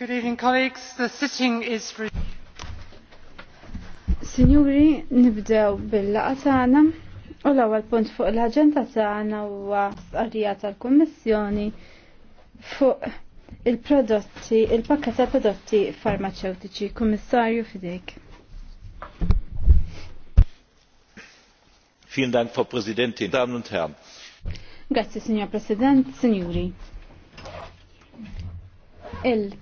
Good evening, colleagues. The sitting is... Signori, nibdew bil-laqa tagħna u l-ewwel punt fuq l-aġenda tagħna huwa stqarrija tal-Kummissjoni fuq il-prodotti, il-pakka ta' prodotti farmaceutiċi. Kummissarju fidejk. Vielen Dank, Frau Präsidentin, Damen und Herren. Grazie, Signor President, Signori. Il